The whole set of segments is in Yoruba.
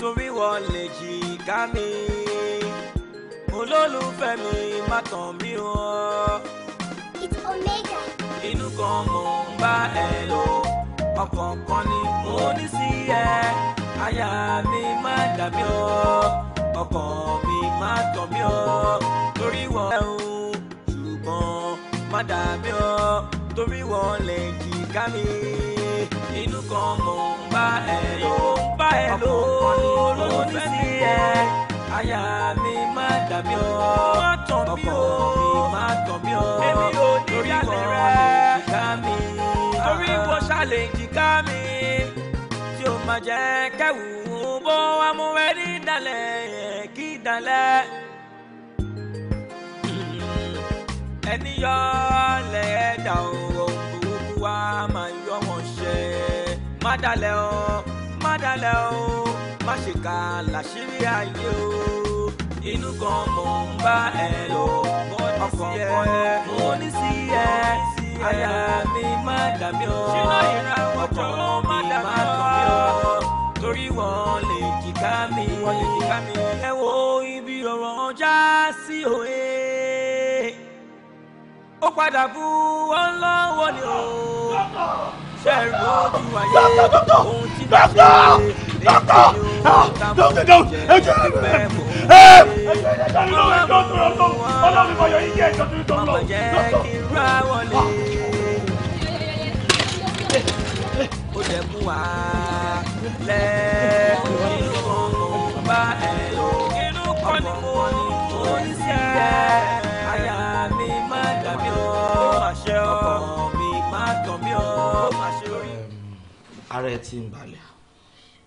torí wọ́n lè jìká mi olólùfẹ́ mi má tàn mí o. it's omega. inú kan mò ń bá ẹ lò ọkàn kan ni mo ní sí ẹ àyà mi má dà mí ọkàn mi má tàn mí o torí wọ́n ẹ̀ ń ṣùgbọ́n má dà mí torí wọ́n lè jìká mi inú kan mò ń bá ẹ lò ń bá ẹ lò lórí sí ẹ àyà mi má dàbí ọ ọkàn mi má tàn mí ọ èmi ò ní ìyàlẹ̀ rẹ torí wọ́n ṣàlè jìká mi tí ó máa jẹ́ kẹ́wù bó amúwẹ́ ní ìdálẹ̀ kí ìdálẹ̀. ẹni yọ ọ́ lẹ́ẹ̀dá òun òun wá máa yọ má o má o má ṣe ká làṣírí ayé o inú kan mò ń bá ẹ lò ọkàn kan mo ní sí ẹ àyà mi má dà mí o ọkàn mi má kàn o torí wọ́n lè jìká mi ẹ wo ibi ọ̀rọ̀ ọjà sí òye ó padà fún wọn lọ́wọ́ ni o dókítà dókítà dókítà dókítà dókítà ẹjọ ẹ ẹ ẹjọ ẹ dàrú lọ ẹjọ tó lọ tó Ọlọ́run ìbọyọ yìí jẹ ẹjọ tó lọ lọ lọ. ó jẹ mú wa lẹ́ẹ̀kọ́ nínú ọ̀hún bá ẹ̀ lò kí ló kọ́ ni mo ní mo ní sí ẹ̀. ara ẹ ti ń balẹ̀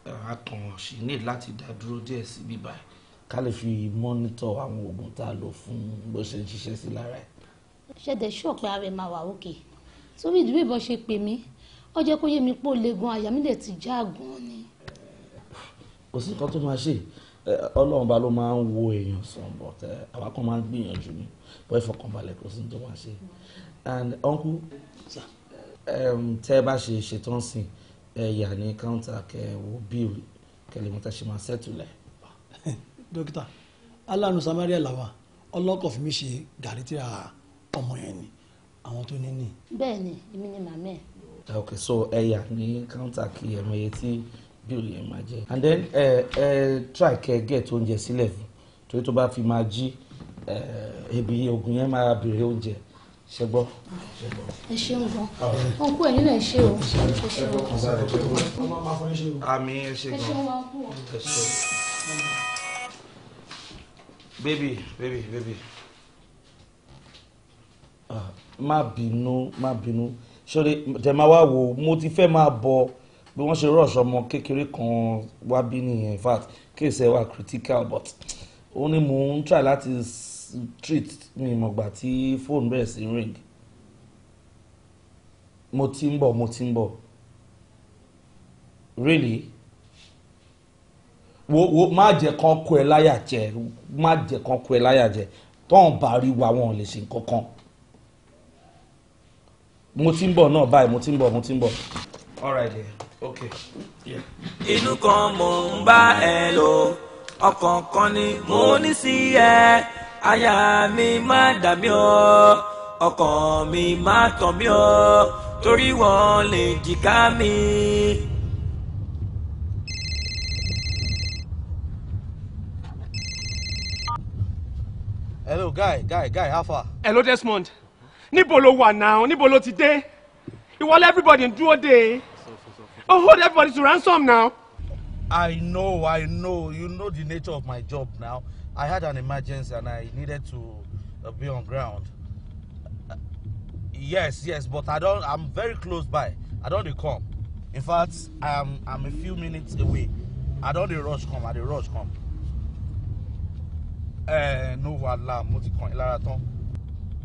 a kàn ṣì ní láti dá dúró díẹ̀ sí bíbá ẹ̀ ká lè fi mọ́nítọ̀ àwọn oògùn tá a lò fún bó ṣe ń ṣiṣẹ́ sí lára ẹ̀. ṣẹ̀dẹ̀ ṣú ọ̀pẹ ara ẹ̀ máa wà òkè torí ìdúró ìbọn ṣe pè mí ó jẹ́ kó yé mi pé ó le gan àyà mi lè ti já gan ni. kò sí nǹkan tó máa ṣe ọlọ́run bá ló máa ń wo èèyàn sàn but àwa kan máa ń gbìyànjú ni bọ́ ìfọkànbalẹ̀ kò sí ní tó máa ṣe and uncle tẹ́ ẹ bá ṣe ṣetán sìn ẹ yà ní káńtà kẹ wo bíìlì kẹlẹ mọta ṣe máa ṣẹtùlẹ. dókítà alanu samaria làwà ọlọ́kọ̀ fún mi ṣe gàrí a ọmọ yẹn ni àwọn tó ní ní. bẹ́ẹ̀ni èmi ni màmá ẹ. ok so ẹ yà ní káńtà kí ẹ mọ tí bíìlì yẹn máa jẹ and then ẹ ẹ try kẹ get oúnjẹ sílẹ̀ fún torí tó bá fi máa jí ẹ ebi ogun yẹn máa béèrè oúnjẹ ṣe gbọ́. ẹ ṣeun gan wọn kú ẹ̀yin náà ṣe o ẹ ṣeun. àmì ẹ ṣe gan ẹ ṣe. bébì bébì bébì má bínú má bínú sori tẹ máa wá wo mo ti fẹ́ máa bọ bí wọ́n ṣe rọ̀ṣọ́ ọmọ kékeré kan wá bí nìyẹn in fact kéèsì ẹ wà critical but ó ní mò ń try láti street ni mo gbà tí fóònù bẹ̀rẹ̀ sí ring mo ti ń bọ̀ mo ti ń bọ̀ really wo wo má jẹ́ kán kó ẹ láyà jẹ má jẹ́ kán kó ẹ láyà jẹ tọ́hún bá rí wa wọn ò lè ṣe nǹkan kan mo ti ń bọ̀ náà báyìí mo ti ń bọ̀ mo ti ń bọ̀. all right yeah. okay. Yeah. inú kan mò ń bá ẹ lò ọkàn kan ni mo ní sí ẹ aya mi má dà mí ọkàn mi má tàn mí o torí wọn lè jìká mi. hello guy guy guy how far. hello Desmond níbo ló wà náà níbo ló ti dé ìwọlé everybody ń dúró dé oh hold everybody to ransom now. I know I know you know the nature of my job now I had an emergency and I needed to uh, be on ground. Uh, yes, yes, but I don't. I'm very close by. I don't come. In fact, I'm I'm a few minutes away. I don't rush come. I dey rush come. Uh, no wahala mo ti kàn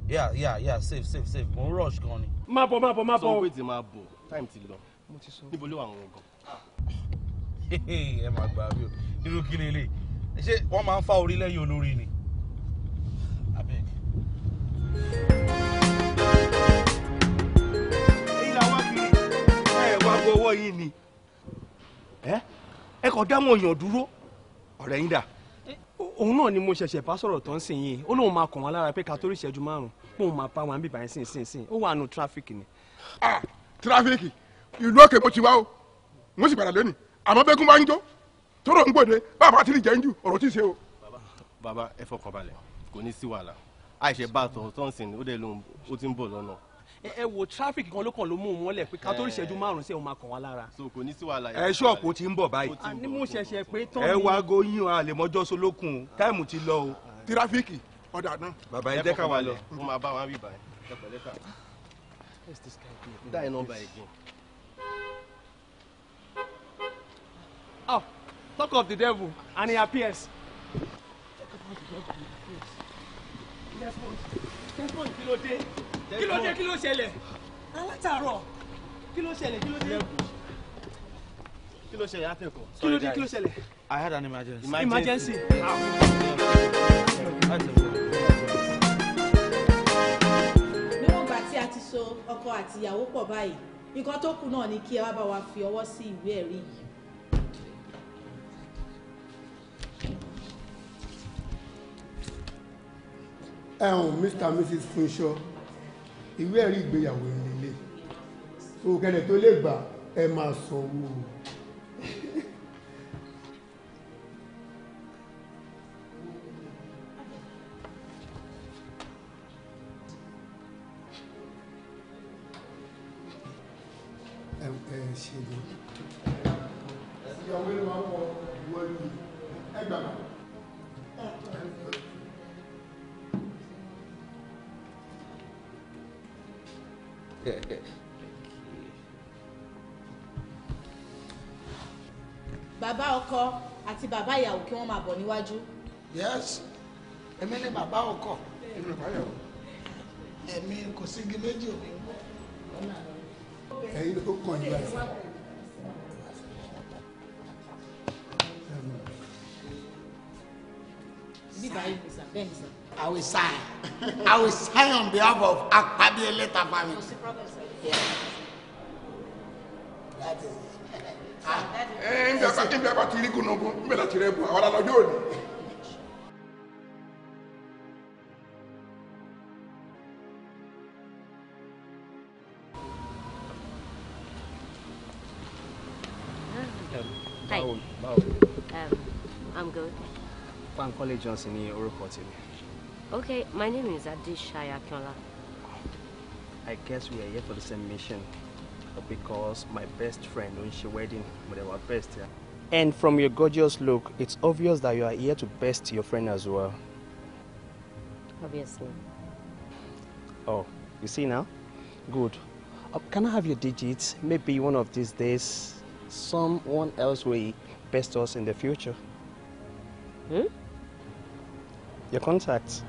Yeah, yeah, yeah. Safe, safe, safe. Mo ń rush gan ni. Má bọ̀, má bọ̀, má bọ̀. Sọ pé tí máa bọ̀, time ti lọ. Mo ti sọ. Níbo Hey, wà àwọn ọgàn? Ẹ máa gbà mí o. Irú kí ni eléyìí? ṣé wọ́n máa ń fa orí lẹ́yìn olórí ni. abeg. ẹ̀yin làwọn kiri ẹ wá gbọ́wọ́ yìí ni ẹ kàn dá wọn yàn dúró ọ̀rẹ́ yín dà. òun náà ni mo ṣẹ̀ṣẹ̀ bá sọ̀rọ̀ tó ń sìn yìí ó lóun máa kàn wá lára pé ká tó rí ìṣẹ́jú márùn-ún póun máa bá wọn bíbá yẹn sìn sìn sìn ó wà nù tráfíkì ni. ah tráfíkì ìlú òkè mo ti wá o mo sì padà lónìí àmọ́ bẹ́ẹ̀ kún bá ń jó tóró ń gbòde bàbá tí ì jẹ́ ń jù ọ̀rọ̀ tí ì ṣe o. bàbá ẹ fọkàn balẹ̀ kò ní sí wàhálà àìṣe bá àtọ̀ tó ń sìn ó dẹ̀ lóun ó ti ń bọ̀ lọ́nà. ẹ wo traffic kan ló kàn ló mú un mọ́lẹ̀ pé ká tó ìṣẹ́jú márùn-ún sí ẹ̀ máa kàn wá lára. so kò ní sí wàhálà. ẹ ṣọ́ọ̀pù ti ń bọ̀ báyìí. ni mo ṣẹ̀ṣẹ̀ pé tán ni. ẹ wá goyin o àlèmọ́jọ́ solókun o táìmù ti lọ o. tirafiki ọ̀dà náà. bàbá ẹ jẹ́ ká lọ. mo máa bá wọn bí ah! Talk of the devil and he appears. kí ló dé kí ló dé kí ló ṣẹlẹ̀ alátàárọ̀ I had an emergency. emergency. níwọ̀n ìgbà tí a ti so ọkọ àti ìyàwó pọ̀ báyìí nǹkan tó kù náà ni kí ẹ wá bá wa fi ọwọ́ sí ìwé ẹ̀rí yìí. ẹ̀hún Mr and Mrs Funsho ìwé ẹ̀rí ìgbéyàwó ìlélẹ̀ so kẹ́lẹ̀ tó lè gbà ẹ máa sanwó o. ẹ ẹ ṣe lè. bàbá kí wọ́n máa bọ̀ níwájú. yes èmi ni bàbá ọkọ èmi ni bàbá èmi kò sí igi méjì òkú ẹ̀yin ó kàn yín báyìí. I will sign. I will sign on behalf of Akpabiyele Tafami. Yeah. níbi abá um, I'm good. Fankole Johnson ni orúkọ tèmi. Okay, my name is Adishaya Akinola. I guess we are here for the same mission. because my best friend when she wedding with were best yeah. And from your gorgeous look, it's obvious that you are here to best your friend as well. Obviously. Oh, you see now? Good. Uh, can I have your digits? Maybe one of these days, someone else will best us in the future. Hmm? Your contacts.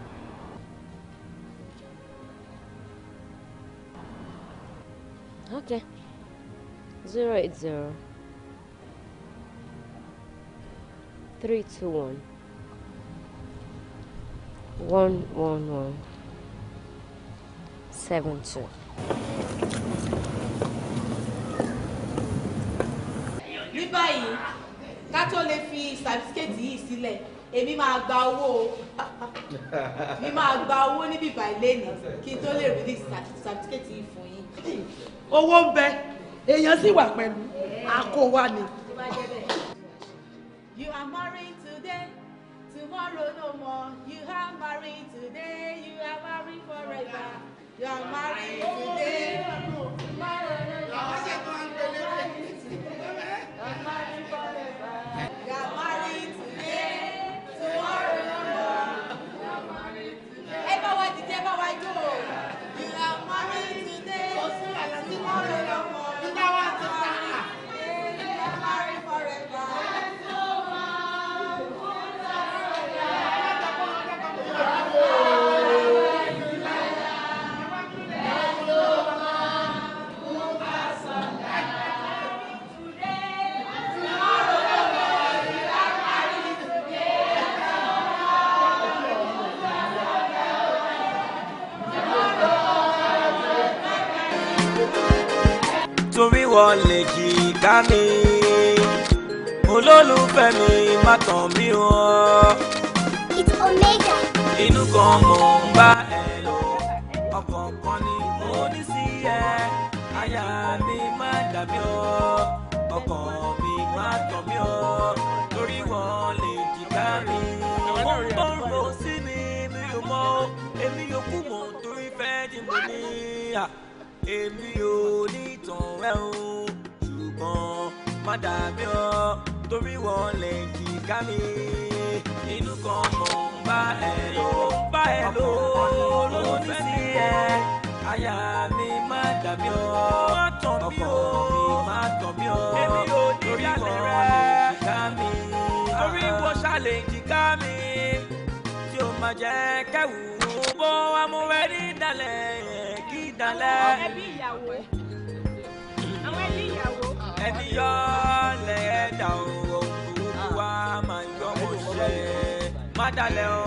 zero eight zero three two one one one one seven two. ní báyìí ká tó lè fi certificate yìí sílẹ̀ èmi máa gba owó mi máa gba owó níbi ìbàlẹ́ ni kí n tó lè release certificate yìí fún yín. owó ń bẹ èèyàn sì wà pẹ̀lú àkówá ni. You are married today, tomorrow no more. You are married today, you are married forever. You are married today. Oh, ara olólùfẹ́ mi má tàn mí o. it's omega. inú kan mò ń bá ẹ lọ ọkàn kan ni mo ní sí ẹ aya mi má dàbí ọ ọkàn mi má tàn mí o. dà mí o torí wọn lè jìká mi inú kan mọ̀ ń bá ẹ lò ń bá ẹ lò ló ní sí ẹ àyà mi má dà mí ọkọ mi má tọ̀ mí o torí wọn lè jìká mi torí wọn ṣàlè jìká mi tí o má jẹ́ kẹ́wù bó amúrẹ́ ní ìdálẹ̀ kí ìdálẹ̀. ẹbí ìyàwó ẹbí ìyàwó. dalẹ̀ o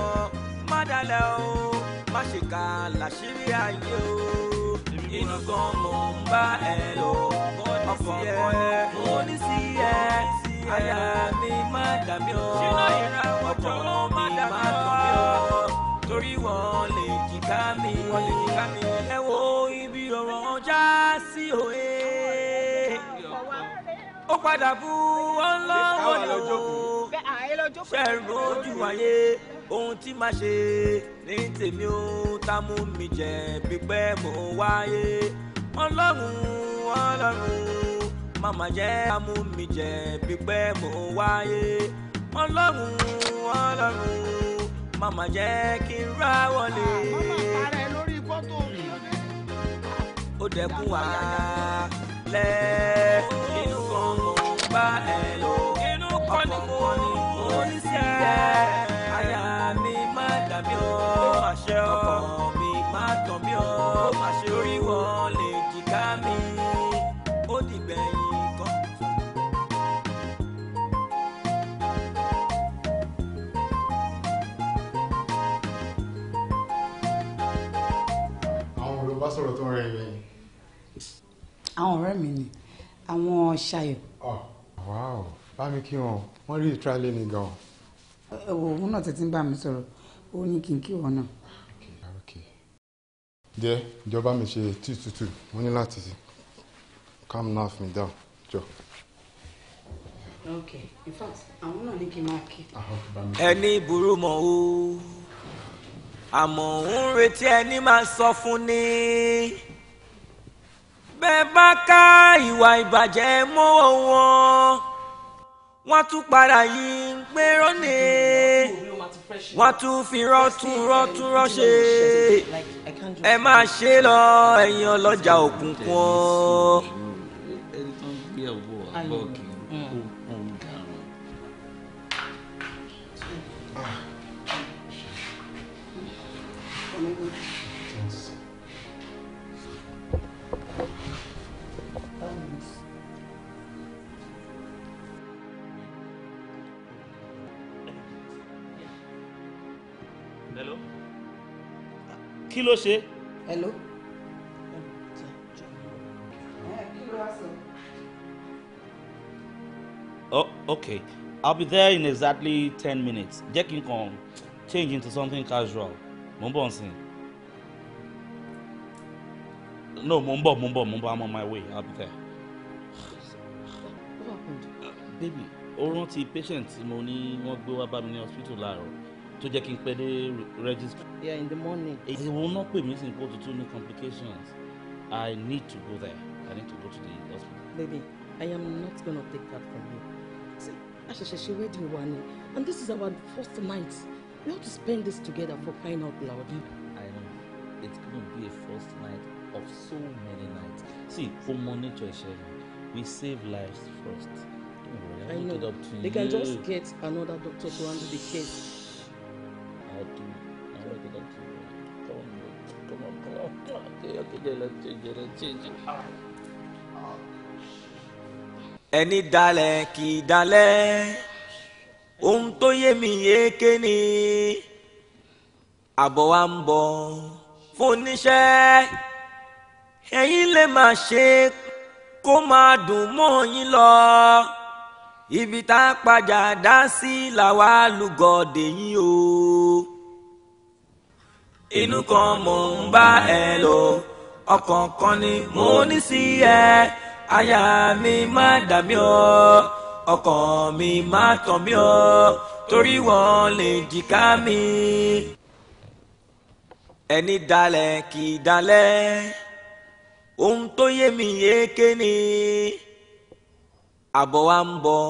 má dalẹ̀ o má ṣe ká làṣírí ayé o inú kan mò ń bá ẹ lò ọkàn kan ẹ mo ní sí ẹ àyà mi má dà mí o ọkàn mi má tàn mí o torí wọn lè jìká mi ẹ wo ibi ọ̀rọ̀ já sí òye ó padà bú wọn lọ́wọ́ ni o ṣẹ̀rù ojú ayé ohun tí màá ṣe ní tèmi ó tá mú mi jẹ pípẹ́ mò ń wáyé ọlọ́run ọlọ́run màmá jẹ́ tá mú mi jẹ pípẹ́ mò ń wáyé ọlọ́run ọlọ́run màmá jẹ́ kí n rá wọlé. Ah, mi. ó dẹkùn wá lẹ́ẹ̀ gba ẹ̀ ló inú kọ́ ni mo ní sí ẹ̀. àyà mi má dà mí o àṣẹ ọkàn mi má tàn mí o àṣẹ orí wọn lè jìká mi ó dìgbẹ̀yìn. bá sọ̀rọ̀ tó ń rẹ̀ yẹn. àwọn ọ̀rẹ́ mi ni àwọn ṣayọ̀ ah wow bá mi kí wọn wọ́n rí ìtúrálé ni gan. òun náà tètè ń bá mi sọ̀rọ̀ ó ní kí n kí wọn náà. jẹ́ ìjọba mi ṣe tíì tútù wọ́n ní láti calm nerve me down jọ. ok in fact àwọn náà ní kí n máa kí. Ah, ẹni burú mọ́ o àmọ́ ń retí ẹni máa sọ fún ni bẹ́ẹ̀ bá ká ìwà ìbàjẹ́ mọ́wọ́ wọn wọ́n tún padà yìí ń pé rọ́nì wọ́n tún fi rọ́tún rọ́tún ẹ máa ṣe lọ ẹ̀yin ọlọ́jà òkùnkùn. ẹni kí ló ṣe. hello. Oh, okay. I'll be there in exactly ten minutes. Jẹ́ kí n kàn change into something casual. Mo ń bọ̀ nsìn. No, mo ń bọ̀, mo ń bọ̀, mo ń bọ̀, I'm on my way. I'll be there. What happened? baby, ó rántí patient tí mo ní wọ́n gbé wá bá mi ní hospital láàárọ̀ tó jẹ́ kí n pẹ́ dé registry. yeah in the morning. èyí wọn náà pè mí sí ipò tuntun ní complications i need to go there i need to go to the hospital. baby i am not gonna take that from you see àṣẹ̀ṣẹ̀ ṣe wedding wa ni and this is our first night we have to spend this together for crying out loud. i know it's gonna be a first night of so many nights see for money to ṣẹlẹ̀ we save lives first. Don't I, know. they can just get another doctor to handle the case hati Now look at that TV. Come on, come on, come on, come on. Okay, okay, let's change it, let's change it. Ah. ẹni dalẹ̀ kì í dalẹ̀ ohun tó yé mi yéké ni àbọ̀ wa ń bọ̀ fún oníṣẹ́ ẹ̀yin lè máa ṣe kó máa dùn mọ́ yín lọ. ibi tá a padà dá sí làwa lùgọ̀dè yín o. inú kan mò ń bá ẹ lọ. ọkàn kan ni mo ní sí ẹ aya mi má dà mí ọkàn mi má tàn mí ọ. torí wọn lè jìká mi. ẹni dalẹ̀ kì í dalẹ̀ ohun tó yé mi yé ke ni. àbọ̀ wa ń bọ̀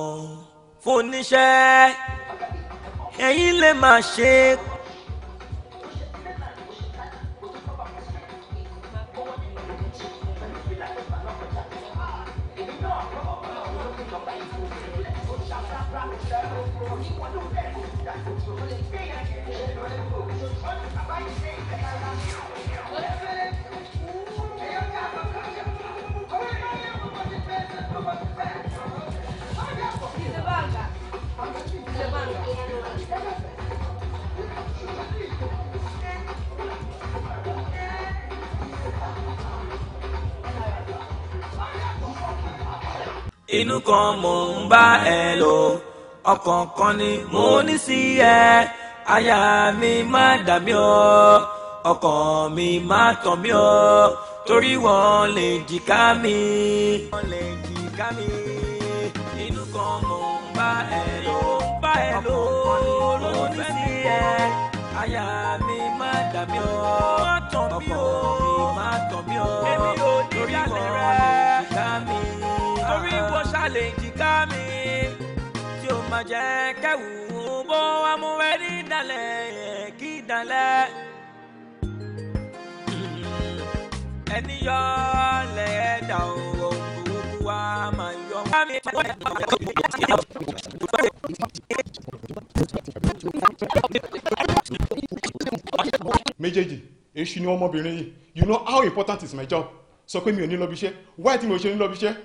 fún ẹ̀yin lè máa ṣe inú kan mò ń bá ẹ lò ọkàn kan ni mo ní sí ẹ aya mi má dà mí o ọkàn mi má tàn mí o torí wọn lè jìká mi. inú kan mò ń bá ẹ lò ọkàn kan ni mo ní sí ẹ aya mi má dà mí o ọkàn mi má tàn mí o torí wọn lè jìká mi torí wo ṣàlèjì ká mi tí ó máa jẹ́ kẹ́wù bó amúwẹ́ ní ìdálẹ̀ kí ìdálẹ̀. ẹni yọ lẹ́ẹ̀dá ohun burúkú wa máa yọ. méjèèjì èṣù ni ọmọbìnrin yìí you know how important is my job sọ pé mi ò ní lọ bí iṣẹ́ why tí mo ṣe ń lọ bí iṣẹ́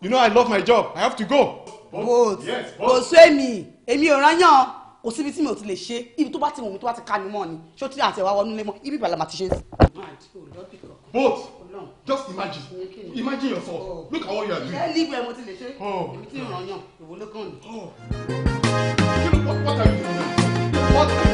you know i love my job i have to go. both kò sọ èmi èmi ò rányàn kò síbi tí mi ò ti lè ṣe ibi tó bá ti wù mí tó bá ti ká mi mọ́ ni ṣó tí àti ẹ̀wá wọnú lé ibi ìbàlẹ̀ màá ti ṣe. both just imagine imagine yourself oh. look at what you are doing. ṣé líbi ẹ̀ mo ti lè ṣe èmi tí ì rányàn ìwọlé ni. Oh. what are you doing now? what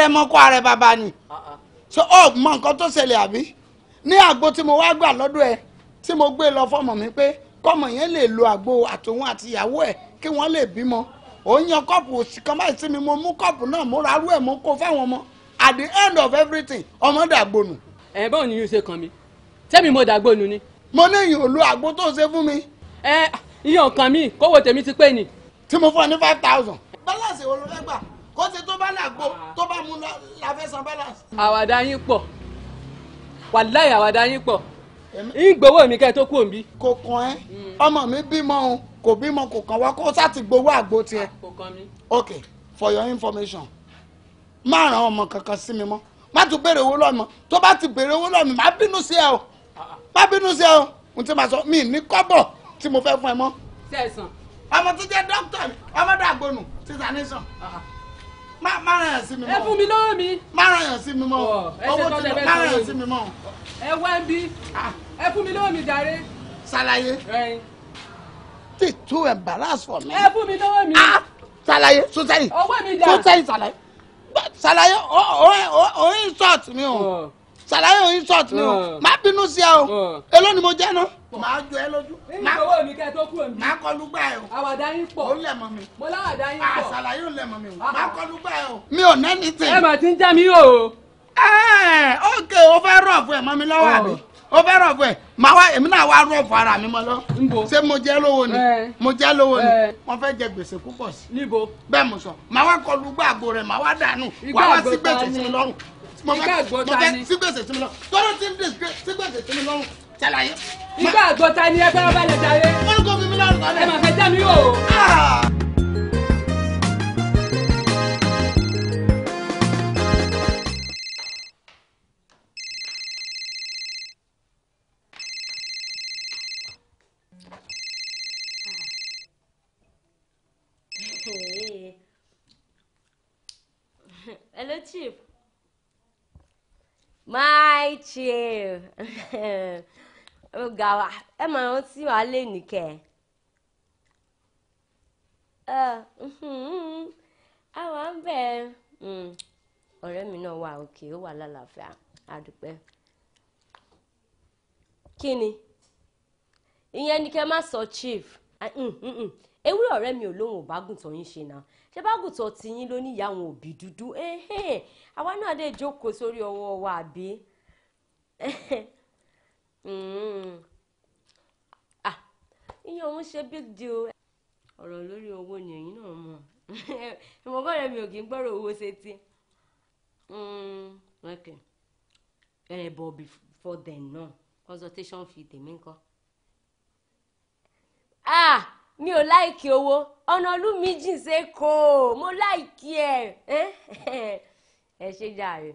ààrẹ mọ́kọ́ ààrẹ bàbá ni so ó mọ nǹkan tó ṣẹlẹ̀ àbí ní àgbo tí mo wá gbà lọ́dọ̀ ẹ tí mo gbé lọ fọmọ mi pé kọ́mọ yẹn lè lo àgbo àtòun àti ìyàwó ẹ kí wọ́n lè bímọ òun yan kọ́ọ̀pù kan báyìí tí mi mo mú kọ́ọ̀pù náà mo ra arú ẹ̀ mo kó fáwọn ọmọ at the end of everything ọmọ dàgbò nù. ẹ báwo ni yóò ṣe kàn mí tẹ́mi mo dàgbò nù ni. mo ní ìyìn òlu àgbo tó ṣe fún mi. ẹ iye ọ̀kan mi kówó tèmi ti pé ni. tí mo fọ ní five thousand. balance wo bó ṣe tó bá làgbo tó bá mu láfẹ́ balance. àwàdà yín pọ̀ wàláyà àwàdà yín pọ̀ ìgbowó mi kẹ́ tó kú òǹbí. kò kàn ẹ́ ọmọ mi bímọ òun kò bímọ kò kàn wá kó sáti gbowó àgbo tiẹ̀. kò kàn mí. ok for your information má ràn ọmọ kankan sí mi mọ́ má tún béèrè owó lọ́mọ tó bá ti béèrè owó lọ́mọ má bínú sí ẹ o má bínú sí ẹ o n tí ma sọ mi ní kọ́bọ̀ tí mo fẹ́ fún ẹ mọ́. sẹ́ẹ̀sán. ọmọ tó jẹ́ dókítà ọmọdé àgbọnù ti sàn ní ah. sàn má má ràn yàn sí mi mọ́. ẹ fún mi lọ́wọ́ mi. má ràn yàn sí mi mọ́ owó ti lọ má ràn yàn sí mi mọ́. ẹ wá ń bí ah. ẹ fún mi lọ́wọ́ mi jàre. ṣàlàyé. they too embarrassed for me. ẹ fún mi lọ́wọ́ mi. Ah! ṣàlàyé sotẹ́yì sotẹ́yì ṣàlàyé ṣàlàyé o o o insult mi o. ṣàlàyé òyìn sọt mi o ma hmm. bínú sí o hmm. èló ni mo ma jọ ẹ lójú. ma ẹ o. àwàdà yín mi. mo láwàdà yín o. Ah. màá kọlu gbà ẹ o. mi ò nẹ́ni ẹ mà ti ń mi eh, o. ẹ o fẹ́ ẹ mi lọ́wọ́ àbí oh. o ara mi lọ. ṣé mo jẹ́ lówó eh. mo jẹ́ lówó ni wọ́n eh. fẹ́ jẹ gbèsè púpọ̀ sí. níbo bẹ́ẹ̀ mo sọ màá wá kọlu gbàgbó rẹ̀ màá wá dànù wàá wá ìgbà àgbọ̀ta ni. tọ́lá ti ń dè sígbèsè tí mi lọ́rùn ṣàlàyé. ìgbà àgbọ̀ta ni ẹgbẹ́ ọba lè jàre. orúkọ mi mi lọ́rùn lọ́lẹ̀. ẹ mà fẹ́ jẹ́ mi o. Hello, Chief máìchì ọgá wa ẹ máa rántí wa lè nìkẹ́ àwa mhm. ń bẹ̀ hmm. ọ̀rẹ́ mi náà wà òkè ó wà lálàáfíà àdúpẹ́ kí ni ìyẹn ni kẹ́ má sọ chief. Uh, mm, mm, mm ewúrẹ́ ọ̀rẹ́ mi ò lóhùn òbágùntàn yín ṣe náà ṣé bágùntàn tiyín ló ní ìyá àwọn òbí dúdú àwa náà dé jókòó sórí ọwọ́ wa àbí iye mm. ah, òun ṣe big deal ọ̀rọ̀ lórí owó ni èyí náà mọ̀ ìmọ̀gán rẹ̀ mi ò kì í gbọ́rọ̀ owó sétí mm, ẹ̀rẹ̀ bọ̀ before then náà consultation fee tèmi ńkọ́. ah mi ò láìkí owó ọ̀nà ìlú mi jìn ṣe kò mo láìkí ẹ ẹ ṣe jàre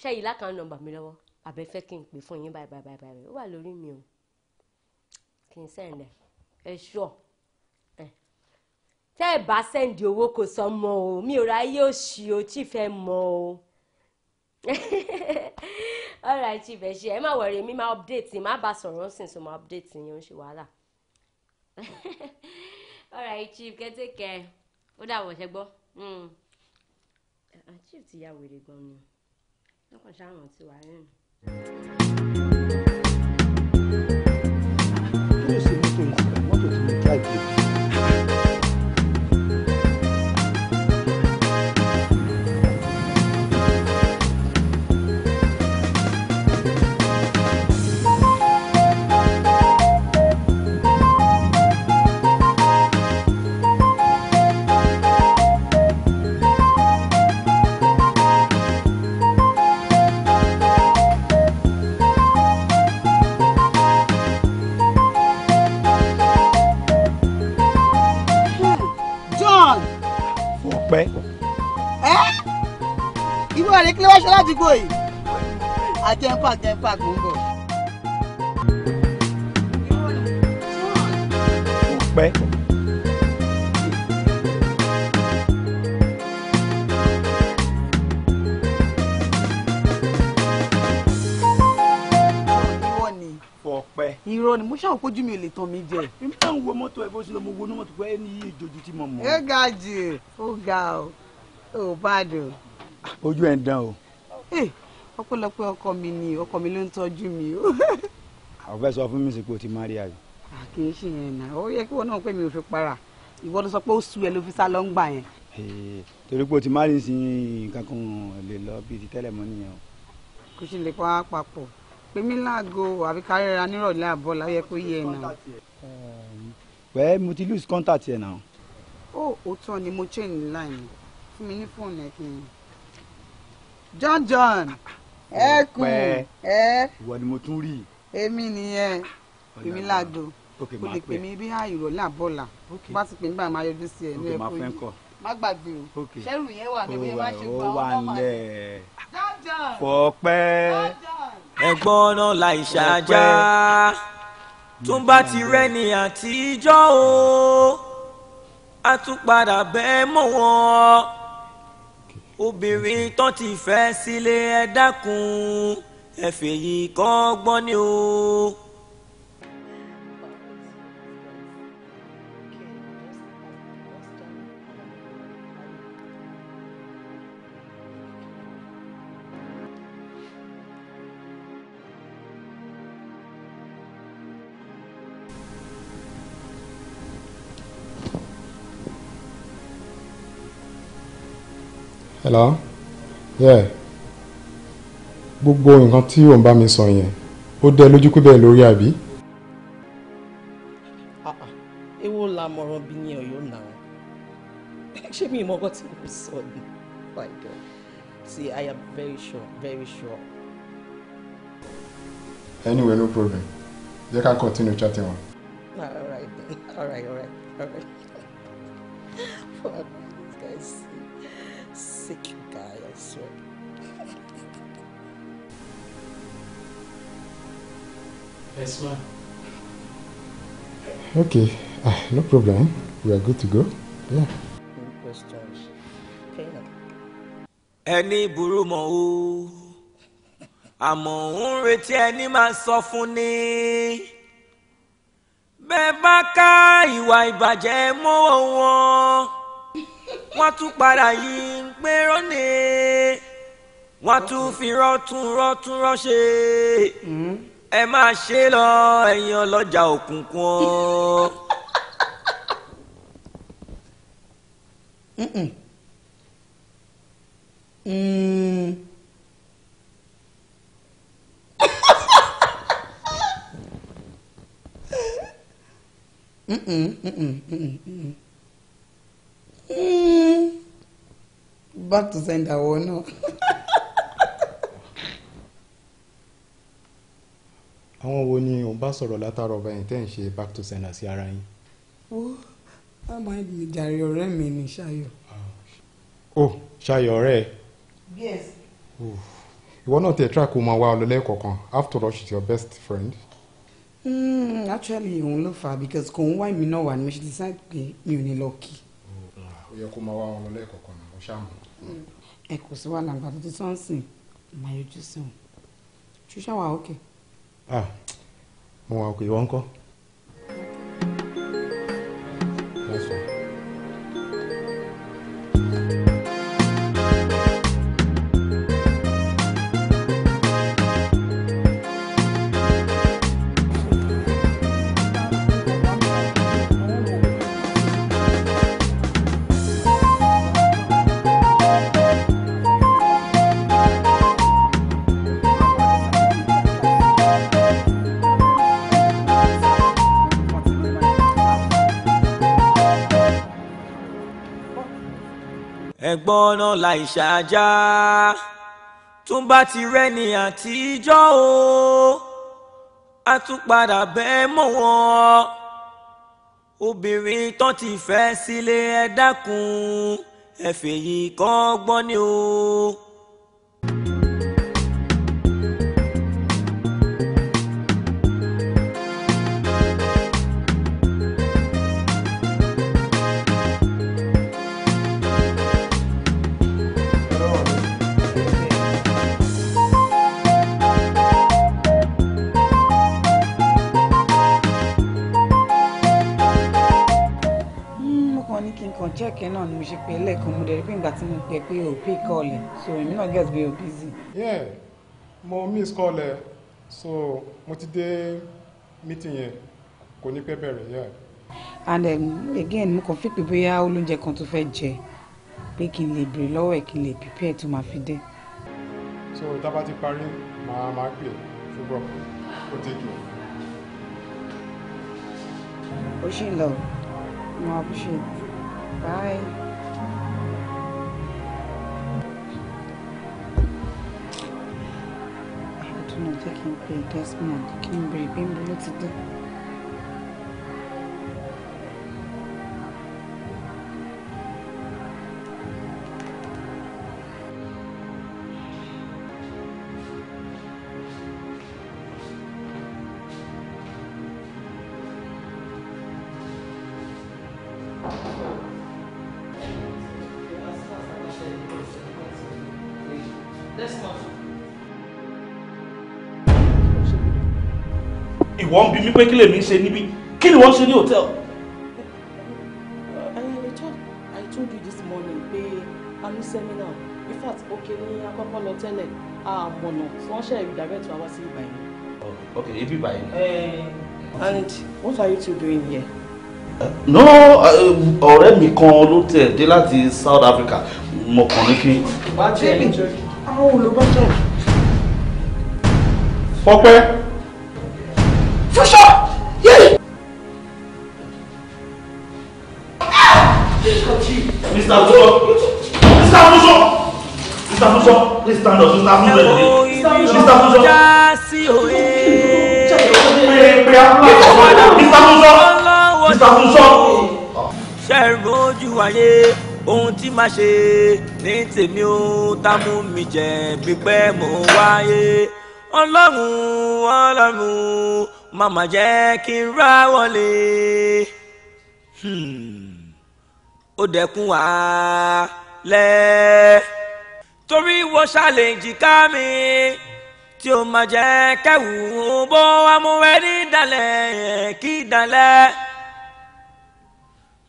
ṣe yìí lákàn nọ́mbà mi lọ́wọ́ àbẹ fẹ́ kí n pè fún yín báyìí báyìí báyìí ó wà lórí mi o kì í sẹ́ǹdẹ̀ ẹ ṣọ́ tẹ́ ẹ bá sẹ́ǹdì owó kò sọ mọ́ o mi ò ráyè òṣì o tí fẹ́ mọ́ o all right chief ẹ ṣe ẹ má wọrí mi máa update má bá sọ̀rọ̀ ń sìn so máa update yín ó ń ṣe wàhálà. all right chief get take care ó dàbọ̀ ṣe gbọ́. Hmm. Ah, ah, chief ti ya wèrè gan ni lọ́kàn ṣáàrùn ti wà rẹ́rìn. kí ló ṣe ládùúgbò yìí àjẹpà jẹpà kò ń bọ̀. pẹ́. ọpẹ. ni mo ṣàwọn kojú mi ò lè tàn mí jẹ. n bá ń wo mọ́tò ẹ̀ bó ṣe lọ mo wo mọ́tò pé ní ìjòjú tí mo mọ̀. ó ga jù ó ga o ò bá dùn. ojú ẹ̀ ń dán o. Eh, ọpẹ́lọpẹ́ ọkọ mi ni ọkọ mi ló ń tọ́jú mi o. àwọn fẹ́ sọ fún mi sí pé o ti máa rí àyè. kì í ṣe yẹn náà ó yẹ kí wọn náà pé mi ò fi para ìwọ ló sọ pé ó sú ẹ ló fi sá lọ ń gbà yẹn. Eh, torí pé o ti máa rí sin nǹkan kan lè lọ bíi ti tẹ́lẹ̀ mọ́ nìyẹn o. kò sì lè pa papọ̀ pé mi láago àbí kárẹ́ra nírọ̀lẹ́ àbọ̀ la yẹ kó yẹ ẹ̀ náà. Eh, wẹ́ẹ́ mo ti lose contact yẹn náà. ó òótọ́ ni mo change line fún mi ní fóònù ẹ̀ kí n. John John ẹ kù ẹ. ìwọ ni mo tún rí. èmi nìyẹn èmi lágbo o lè pè mí bí àìrọ̀lá bọ́là bá ti pè mí máa yọjú sí ẹ ní ẹkú yìí má gbàgbé o ṣẹ́rù yẹn wà níbi ìwà ṣe gba ọmọ rẹ̀. fọpẹ́. ẹ̀gbọ́n náà láì ṣáájá tún bá ti rẹ́ni àtijọ́ o a tún padà bẹ́ẹ̀ mọ́ wọn obìnrin tó ti fẹ́ sílé ẹ dákun ẹ fèyí kọ́ gbọ́n ni o. hello yeah gbogbo nǹkan tí ò ń bá mi sọ yẹn ó dẹ lójú pé bẹ́ẹ̀ lórí àbí. ewo ah, ah. la mọ̀ràn bí ní ọ̀yọ́ náà ṣé mi ìmọ̀gọ́ tí mo sọ ni my God see I am very sure very sure. anyway no problem jẹ́ ká continue chatting wọn. all right then all right all right all right. sick guy, I swear. Yes, ma'am. Okay, uh, no problem. We are good to go. Yeah. Any questions? Ẹni burú mọ̀ o, àmọ́ ń retí ẹni máa sọ fún ni. Bẹ́ẹ̀ bá ká ìwà ìbàjẹ́ mọ́wọ́ wọn wọ́n tún padà yìí ń pé rọ́nẹ̀ wọ́n tún fi rọ́tún rọ́tún rọ́ṣẹ́ ẹ máa ṣe lọ ẹ̀yin ọlọ́jà òkùnkùn o. Mm-mm. Mm. Mm-mm, mm-mm, mm-mm, mm-mm. Hmm. back to sender wọn náà. àwọn wo ni òun bá sọ̀rọ̀ látàrọ̀ ọba yẹn tẹ́ ń ṣe back to sender sí ara yín. ó á máa ń jàre ọ̀rẹ́ mi ní ṣayọ̀. ó oh, ṣayọ̀ ọ̀rẹ́ ẹ. yes. ìwọ náà tẹ̀ track máa wá ọlọ́lẹ́ kọ̀ọ̀kan after all she's your best friend. Mm, actually òun ló fà á because kò ń wá èmi náà wà ní mo ṣe decide pé mi ò ní lọ kí i yẹ kó máa wá wọn lọ lẹ́ẹ̀kọ̀ọ̀kan náà ó ṣàmù. Mm. ẹ kò sí wàhálà àgbà tó ti tán sìn máa yọjú sí wọn ṣùṣà wà ókè. ah mo wà òkè ìwọ ń kọ́. ẹ̀gbọ́n náà láì ṣáájá túnbá ti rẹ́ni àtijọ́ o a tún padà bẹ́ẹ̀ mọ̀ wọ́n obìnrin tán ti fẹ́ sílé ẹ dákun ẹ fèyí kọ́ gbọ́n ni o. chẹ́ẹ̀kì náà ni mo ṣe pé lẹ́ẹ̀kan mo dẹ̀ rí pé ìgbà tí mo pẹ́ pé ò pí kọ́ọ̀lẹ̀ so èmi náà get be busy. yeah mo miss kọ́ọ̀lẹ̀ so mo ti dé meeting yẹn kò ní pẹ́ bẹ̀rẹ̀ yeah. and um, again mo kàn fi pé bóyá olóúnjẹ kan tó fẹ́ jẹ pé kí n lè béèrè lọ́wọ́ ẹ̀ kí n lè prepare tó máa fi dé. so tá a bá ti parí màá máa pè é ṣùgbọ́n ó ti jù. ó ṣì ń lọ mo appreciate. Bye. I don't know, Can play Desmond. Kimberly, Bimbo, let's do. mi pé kí lèmi ṣe níbí kí ni wọ́n ṣe ní hòtẹ́ẹ̀lì. Uh, I told you this morning pé a ní seminar in fact òkè ní akọ́kọ́ lọ tẹ́lẹ̀ àmọ̀nà tí wọ́n ṣe redirect wa wá sí ibà yìí. Oh, ok ibi ibà yìí. Eh, and what are you two doing here. Uh, no uh, ọ̀rẹ́ mi kan ló tẹ̀ dé láti South Africa mọ̀kànlẹ́ kí. bá a jẹ́ ìjọ àwọn olùbọ́jọ́. fọpẹ́. Joshua! Yay! Ah! Mr. Fuso! Mr. Fuso! Mr. Fuso! Please stand up, Mr. Fuso! Mr. Fuso! Mr. Fuso! Mr. Fuso! Ṣẹ̀rù ojú ayé ohun tí màá ṣe ní tèmi ó tá mú mi jẹ pípẹ́ mò ń wáyé ọlọ́run ọlọ́run. Mama jẹ́ kí n rá wọlé hmm. ó dẹkùn wá lẹ́ torí wo ṣàlèjì ká mi tí ó máa jẹ́ kẹ́wù bó amúwẹ́ ní ìdálẹ̀ kí ìdálẹ̀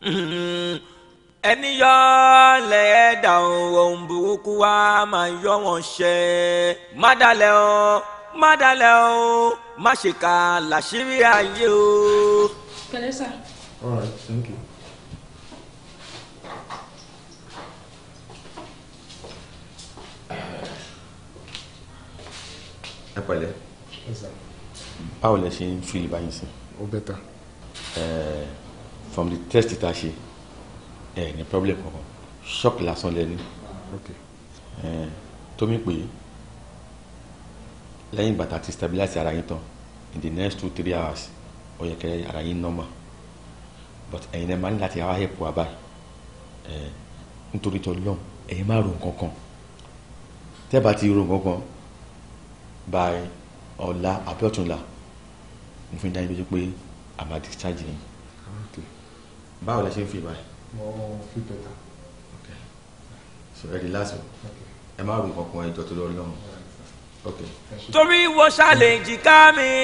hmm. ẹni yọ lẹ́ẹ̀dá ohun burúkú wa máa yọ wọn ṣe má dalẹ̀ o má dalẹ̀ o má ṣe ká làṣírí ayé o. thank you. ẹ pẹ̀lẹ́ báwo lẹ ṣe ń feel báyìí sí. ó bẹ́tà. from the test ta ṣe ẹ ní problem kankan shock lásán lẹ ní. okay. Uh, tó pè é lẹ́yìn ìgbà tá a ti stabilize ara yín tán in the next two three hours ó yẹ kẹ́ ara yín normal but ẹ̀yin náà máa ní láti ara help wa báyìí ẹ̀ nítorí tó lọ́n ẹ̀yin máa ro nǹkan kan tẹ́ bá ti ro nǹkan kan by ọ̀la àbí ọ̀túnla mo fi ń dá yín lójú pé a máa discharge yín báwo la ṣe ń fi báyìí. mo fi bẹ̀ta. so ẹ relax o ẹ má ro nǹkan kan ẹ jọ tó lọ́ọ́ lọ́rùn torí wo ṣàlèjì ká mi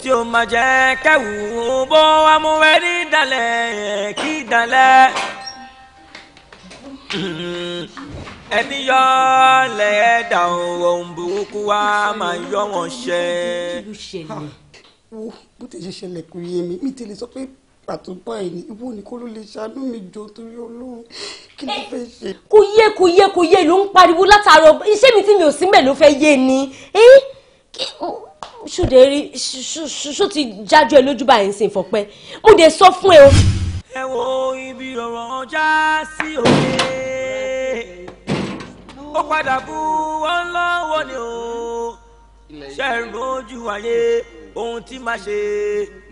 tí o máa jẹ́ kẹ́wù bó amúwẹ́ ní dalẹ̀ kí dalẹ̀ ẹni yọ lẹ́ẹ̀dá ohun burúkú wa máa yọ wọn ṣe. kí ló ṣe ṣẹlẹ̀ kò yé mi mi tẹ́lẹ̀ sọ pé pàtó báyìí ìwọ nìkan ló lè ṣàánú mi jọ torí Ọlọ́run kí ló eh, fẹ́ ṣe. kò yé kò yé kò yé ló ń pariwo látàárọ̀ iṣẹ́ mi tí mi ò sí mẹ́ ló fẹ́ yé ni ṣùdẹ̀ rí ṣó ti jájọ́ ẹ lójú báyìí ń sìn fọpẹ́ mo dé sọ fún ẹ o. ẹ wo ibi ọ̀rọ̀ já sí òye ó padà bú wọn lọ́wọ́ ni ó ṣe ń rojú ayé ohun tí màá ṣe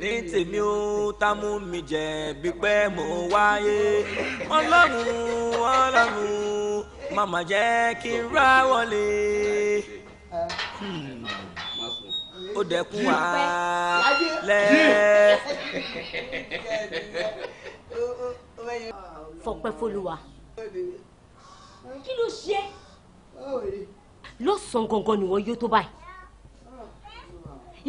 ní tèmi ó tá mú mi jẹ̀bi pé mo wáyé ọlọ́run ọlọ́run màmá jẹ́ kí n rá wọlé hmm, ó dẹkùn wá lẹ́. fọpẹ́ fọlùwà kí ló ṣe lọ́sàn-án gangan ni wọ́n yóò tó báyìí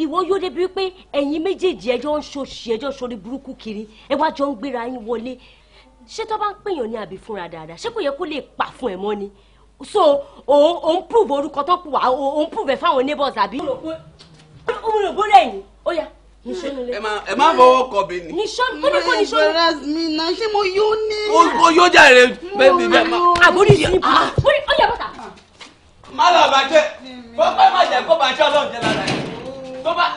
ìwọ yóò débi wípé ẹ̀yin méjèèjì ẹjọ́ ń ṣòṣì ẹjọ́ sórí burúkú kiri ẹ wá jọ ń gbéra yín wọlé ṣé tó bá ń pèèyàn ní àbí fúnra dáadáa ṣé kò yẹ kó lè pa fún ẹ mọ́ ni so òun òun prove orúkọ tó kù wá òun prove ẹ fáwọn neighbors àbí. òun ò bó lẹ́yìn ó yá hmm. ẹ má fọwọ́ kọ bẹ ni. nìṣọ́nù kó ní kó nìṣọ́nù. embarrass me na ṣé mo yó ní. o yóò jàre bẹ́ẹ̀ bẹ́ẹ̀ ma. àbórí sí ibùdó ah. ó yẹ bọ́tà. má lọ bàjẹ́ kó pẹ́ má jẹ́ kó bàjẹ́ ọlọ́run jẹ́ lára yẹn tó bá.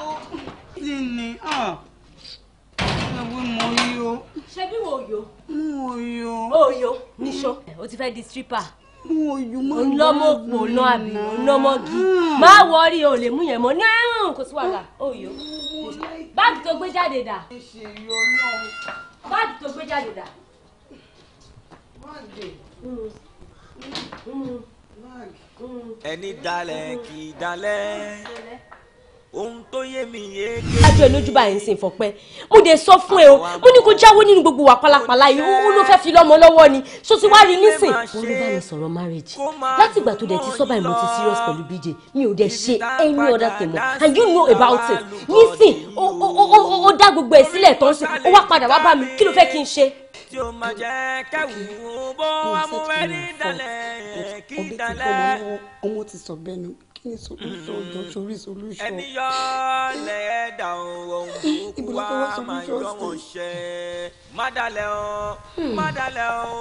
kí ni ẹ̀wé ah. mo yo. ṣebí wo yo. mo yo. o yo níṣó mm. o ti fẹ́ di stripper olọmọpọ náà àmì olọmọgi mm. má wọrí o lè mú yẹn mọ ní ẹrùn kò sí wàhálà òyò báàgì tó gbé jáde dà báàgì tó gbé jáde dà. ẹni dalẹ̀ kì í dalẹ̀ ohun tó yé mi yé ké. ajo ẹ lójú báyìí ń sìn fọpẹ mo dé sọ fún ẹ o mo ní kó jáwọ́ nínú gbogbo wà pálapàla yìí ó ló fẹ́ẹ́ fi lọ́mọ lọ́wọ́ ni so ti wá rí nísìn. mo ló bá mi sọ̀rọ̀ marriage láti ìgbà tó dẹ̀ ti sọ́ba ìmọ̀ ti serious pẹ̀lú bj mi ò dẹ̀ ṣe any other thing mọ́ and you know about it nísìn ó dá gbogbo ẹ̀ sílẹ̀ tó ń sìn ó wá padà wá bá mi kí ló fẹ́ kí n ṣe tí ó máa jẹ́ kẹ́wù bó amúfẹ́ ní dalẹ̀ kí dalẹ̀. ọmọ ti sọ bẹ́ẹ̀ ni kí ni solution mm-hmm. ọjọ́ sórí solution. ẹni yọ lẹ́ẹ̀dá ohun burúkú wa máa yọ wọn ṣe má dalẹ̀ o hmm. má dalẹ̀ o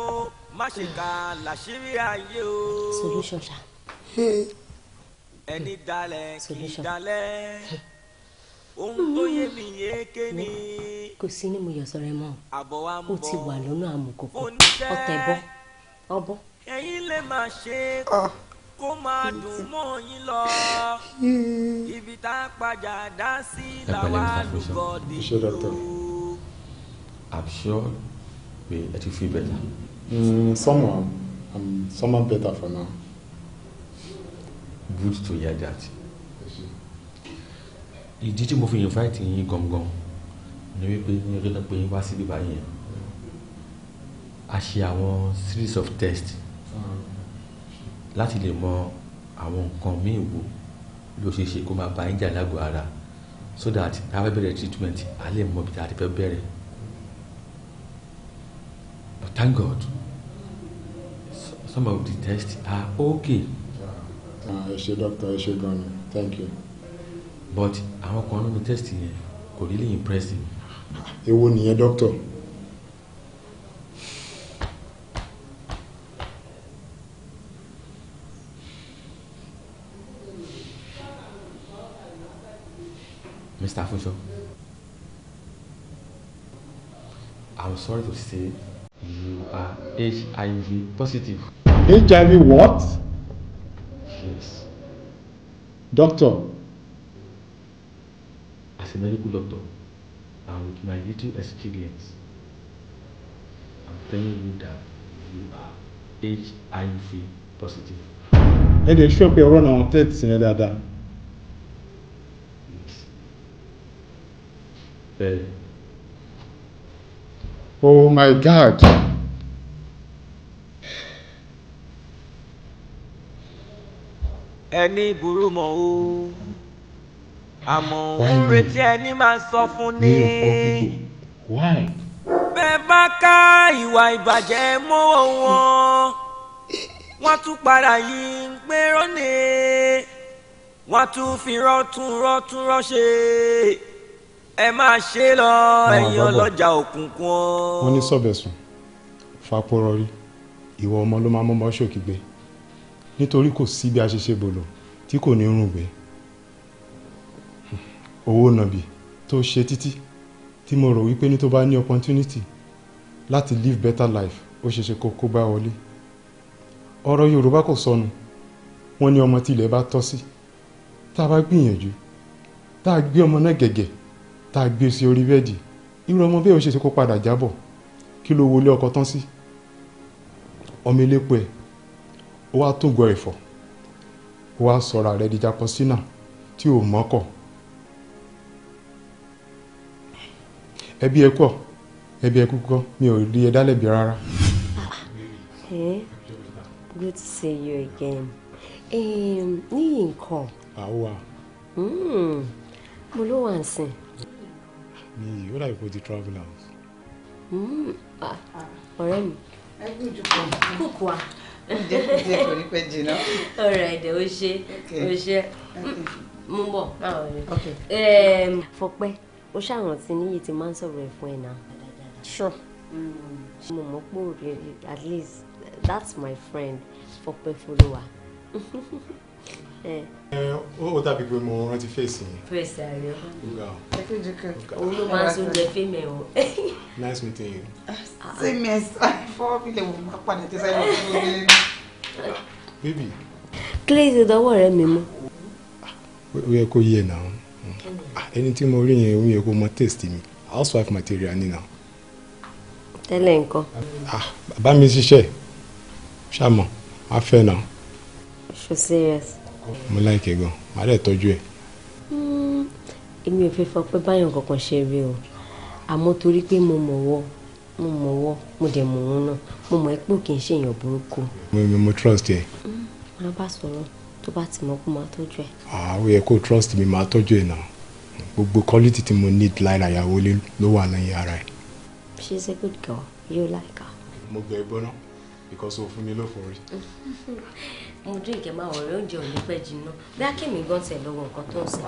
má ṣe ká làṣírí ayé o. solution ṣá. ẹni dalẹ̀ kì í dalẹ̀ kò sí ní mo yọ sọ̀rọ̀ ẹ mọ́ o ti wà lọ́nà àmùkòkò ọ̀tẹ̀ bọ́ ọbọ. ẹ̀yin lè máa ṣe ah. kó máa dùn mọ́ yín lọ ibi tá a padà dá sí làwa lùgọ́ dìbò. I'm sure we ẹ ti feel better. Mm, somehow I'm um, somehow better for now. Good to hear that ìdí tí mo fi invite yín gangan ni wípé ní ọjọ́ náà pé wá síbí báyìí a ṣe àwọn series of tests láti lè mọ àwọn nǹkan míì wò ló ṣe ṣe kó máa bá yín jà lágọ̀ọ́ ara so that tá a fẹ́ bẹ̀rẹ̀ treatment a lè mọ ibi tá a ti fẹ́ bẹ̀rẹ̀ but thank God some of the tests are okay. Ah, ẹ ṣé dókítà ẹ ṣé gan ni thank you but àwọn kan nínú test yẹn kò rí lè impress mi. èwo nìyẹn doctor. Mr. Afunso, I'm sorry to say you are HIV positive. HIV what? Yes. Doctor, a medical doctor and with my little experience I'm telling you that you are HIV positive. ẹ lè ṣọ́ pé ọ̀rọ̀ náà tẹ̀ sí ẹ dáadáa. Oh my God. ẹni burú mọ́ o àmọ́ ń retí ẹni máa sọ fún ni. bẹ́ẹ̀ bá ká ìwà ìbàjẹ́ mọ́wọ́ wọn wọ́n tún padà yí ń pé rọ́nì wọ́n tún fi rọ́tún rọ́tún rọ́ṣẹ́ ẹ máa ṣe lọ ẹ̀yin ọlọ́jà òkùnkùn. wọ́n ní sọ́bẹ̀sùn fapò rọrí ìwọ ọmọ ló máa mọ́ mọ́ ṣòkìgbé nítorí kò sí bí bòlò tí kò ní rùn gbé owó nàbì tó ṣe títí tí mo rò wípé ní tó bá ní opportunity láti live better life ó ṣeéṣe kó kó bá wọlé ọ̀rọ̀ yorùbá kò sọnù wọ́n ní ọmọ tí ilẹ̀ bá tọ́ sí tá a bá gbìyànjú tá a gbé ọmọ náà gẹ̀gẹ̀ tá a gbé e sí orí bẹ́ẹ̀dì irú ọmọ bẹ́ẹ̀ ó ṣeéṣe kó padà jábọ̀ kí ló wọlé ọkọ tán sí ọmọ elépo ẹ̀ ó wá tó gbọ́ ẹ̀fọ́ ó wá sọ̀rọ̀ rẹ̀ di tí ò mọ́kọ̀ ẹbí ẹ kọ ẹbí ẹ kúkọ mi ò rí ẹ dálẹ́bi rárá. good to see you again um, níyì nǹkan. àwa. Hmm, mo ló wà ń sìn. mi ì ó kó ti travel out. Hmm, ọ̀rẹ́ mi. ẹ gbójú kúkú wa jẹ kò ní pẹ́ jìnnà. ọ̀rọ̀ ẹ̀dẹ̀ ó ṣe ó ṣe mú bọ̀. Um, fọpẹ́ ó ṣàrántí níyì tí máa ń sọ̀rọ̀ ẹ̀ ẹ̀ náà. sure. Mm. mo mọ̀ pé òde at least that's my friend Ọpẹ́ Folowa. Eh. ó dàbí pé mo rántí fèsì yẹn. fèsì àlẹ́ o. òun ló máa ń sún jẹ fíìmù o. nice meeting you. same as fọwọ́ mi lè wò má padà tẹ sẹ́yìn ọ̀hún mi. baby. clay ti dọwọ́ rẹ mi mú. ó yẹ kó yé náà. Ah, ẹni tí mo rí yẹn ó yẹ kó mọ taste mi housewife material nínà. tẹ́lẹ̀ nǹkan. Ah, bàbá mi ṣiṣẹ́ ṣàmọ̀ wá fẹ́ náà. so serious. mo láìkẹ́ gan màá dẹ̀ tọ́jú ẹ̀. Hmm, èmi ò fẹ́ fọ pé báyọ̀ kankan ṣe rí o àmọ́ torí pé mo mọ̀ wọ́ mo mọ̀ wọ́ mo dẹ̀ mọ̀ wọ́n náà mo mọ̀ ẹ́ pé kì í ṣèyàn burúkú. mo mo trust ẹ. máa hmm, bá sọ̀rọ̀ tó bá ti mọ̀ kó máa tọ́jú ẹ̀. àwọn ah, yẹ kó trust mi máa tọ́jú ẹ̀ náà gbogbo quality tí mo need lára ìyàwó lé ló wà lẹ́yìn ara ẹ̀. she is a good girl you like her. mo gbẹ ẹgbọn náà because o fún mi ló fún rí. mo dín ìkẹ́ máa wọ̀rẹ́ oúnjẹ òní pẹ́ jiná bí akémi gan tẹ̀ lọ́wọ́ nǹkan tó ń sè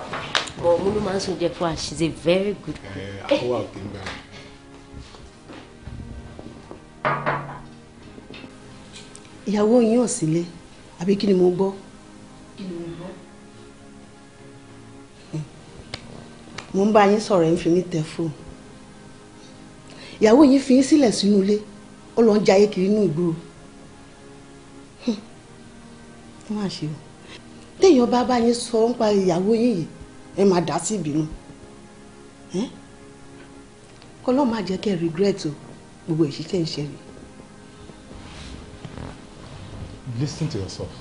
but mo ló máa ń sún jẹ fún wa she is a very good girl. ẹ ẹ àwọn àgbẹ̀ ń bá a. ìyàwó yín ò sílé àbí kí ni mo gbọ́. mo ń bá yín sọ̀rọ̀ ẹ̀ ń fi mí tẹ fóònù ìyàwó yín fi yín sílẹ̀ sínú ilé ó lọ ń jayé kiri inú ìgboro ó hm. mà ṣe o téèyàn bá bá yín sọ ń pa ìyàwó yín yìí ẹ máa dá sí ìbínú kọ́ ló máa jẹ́ kẹ́ regret o gbogbo ìṣiṣẹ́ ń ṣẹlẹ̀. listen to yourself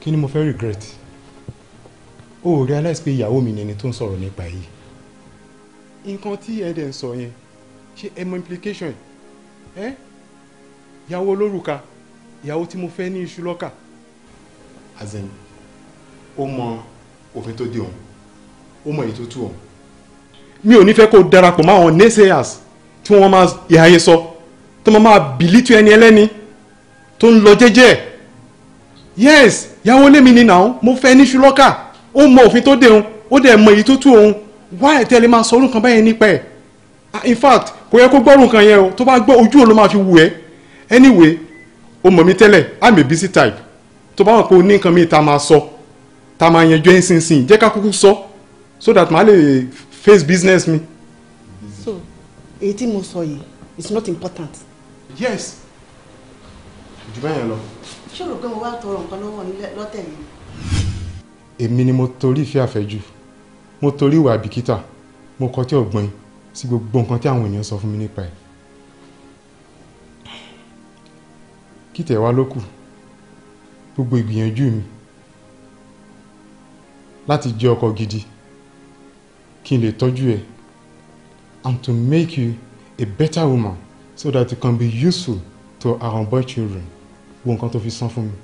kí ni mo fẹ́ regret o realize pé ìyàwó mi ni ẹni tó ń sọ̀rọ̀ nípa yìí nǹkan tí ẹ ń sọ yẹn ṣé ẹ implication ẹ ìyàwó olórùka ìyàwó tí mo fẹ́ ní iṣu lọ́kà as in ó mọ òfin tó dé òun ó mọ èyí tó tú òun mi ò ní fẹ́ kó darapọ̀ mọ́ àwọn naysayers tí wọ́n máa ìhàyè sọ tó máa bìlítú ẹni ẹlẹ́ni tó ń lọ jẹ́jẹ́ yes ìyàwó lèmi ni now mo fẹ́ ní iṣu lọ́kà ó mọ òfin tó dé òun ó dẹ̀ mọ èyí tó tú òun wá ẹ̀tẹ́ lè máa sọ orúkọ báyẹn nípa ẹ̀ ah, in fact kò yẹ kó gbọ́rùn kan yẹn o tó bá gbọ́ ojú ò ló máa fi wù ẹ́ anyway o mọ̀ mi tẹ́lẹ̀ i'm a busy type tó bá wọn pé o ní nǹkan mi ta máa sọ ta máa yanjú ẹ̀ sínsìn jẹ́ ká kúkú sọ so that màá lè face business mi. so èyí tí mo sọ yìí is not important. yes jù bẹ́ẹ̀ yẹn lọ. ṣé o rò pé mo wá tọrọ nǹkan lọ́wọ́ lọ́tẹ̀ mi èmi ni mo torí ìfẹ́ àfẹ́jù mo torí ìwà àbìkítà mo kọtí ọ̀gbọ́n sí gbogbo nǹkan tí àwọn ènìyàn sọ fún mi nípa ẹ̀ kìtẹ̀ wá ló gbogbo ìgbìyànjú mi láti jẹ́ ọkọ gidi kí n lè tọ́jú ẹ and to make you a better woman so that you can be useful to our unborn children wo nǹkan tó fi san fún mi.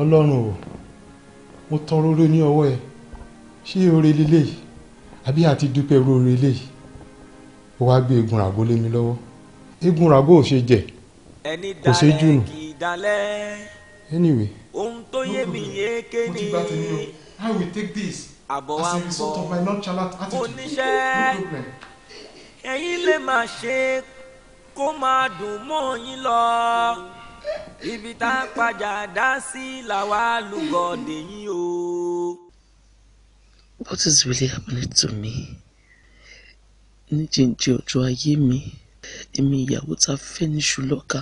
ọlọ́run o mo tọrọ oore ní ọwọ́ ẹ ṣé oore lélẹ́yìí àbí àti dúpẹ́ oore lélẹ́yìí ó wá gbé egun ràgó lé mi lọ́wọ́ egun ràgó ò ṣe jẹ kò ṣe jù anyway. ohun tó yé mi yé ké ni. I will take this àbọ̀ wa ń bọ̀ oníṣẹ́ ẹ̀yin lè máa ṣe é kó máa dùn mọ́ yín lọ ibi tá a padà dá sí làwa lùgọ̀dè yín o. What is really happening to me? ní jíjìn ọjọ́ ayé mi èmi ìyàwó ta fẹ́ ní ṣùlọ́ka.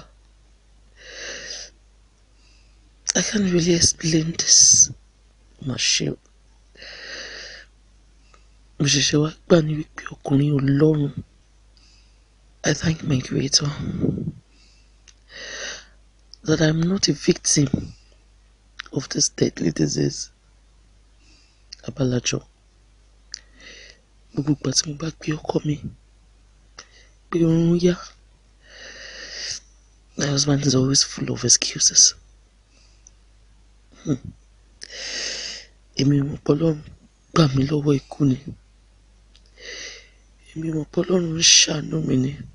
I can't really explain this. Mà ṣe mo ṣẹ̀ṣẹ̀ wá gbà ní wípé ọkùnrin ọlọ́run. I thank my Creator that I'm not a victim of this deadly disease. Abalajo. Gbogbo ìgbà tí mo bá gbé ọkọ mi pé oorun yá. My husband is always full of excuses. Hmm. Èmi mọ̀ pé Ọlọ́run gbà mí lọ́wọ́ ikú ni. Èmi mọ̀ pé ń ṣàánú mi ni. Hmm.